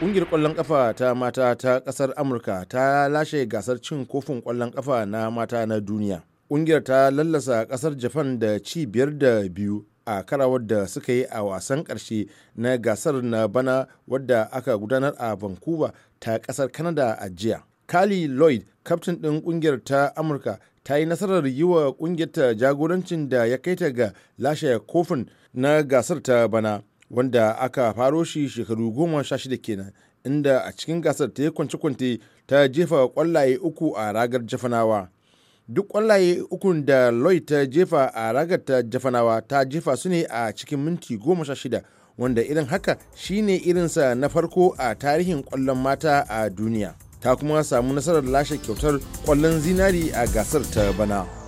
Ƙungiyar ƙwallon ƙafa ta mata ta ƙasar Amurka ta lashe gasar cin kofin ƙwallon ƙafa na mata na duniya. Ƙungiyar ta lallasa ƙasar Japan da ci biyar da biyu a karawar da suka yi a wasan ƙarshe na gasar na bana wadda aka gudanar a Vancouver ta ƙasar Canada a jiya. Kali Lloyd, kaftin ɗin ƙungiyar ta Amurka, ta yi nasarar yi wa ƙungiyar ta jagorancin da ya kai ta ga lashe kofin na gasar ta bana. wanda aka faro shi shekaru goma sha shida kenan inda a cikin gasar ta yi kwance-kwante ta jefa kwallaye uku a ragar jafanawa duk kwallaye ukun da lloyd ta jefa a ragar ta jafanawa ta jefa su ne a cikin minti goma sha shida wanda irin haka shine irinsa na farko a tarihin kwallon mata a duniya ta kuma samu nasarar lashe kyautar kwallon zinari a gasar ta bana.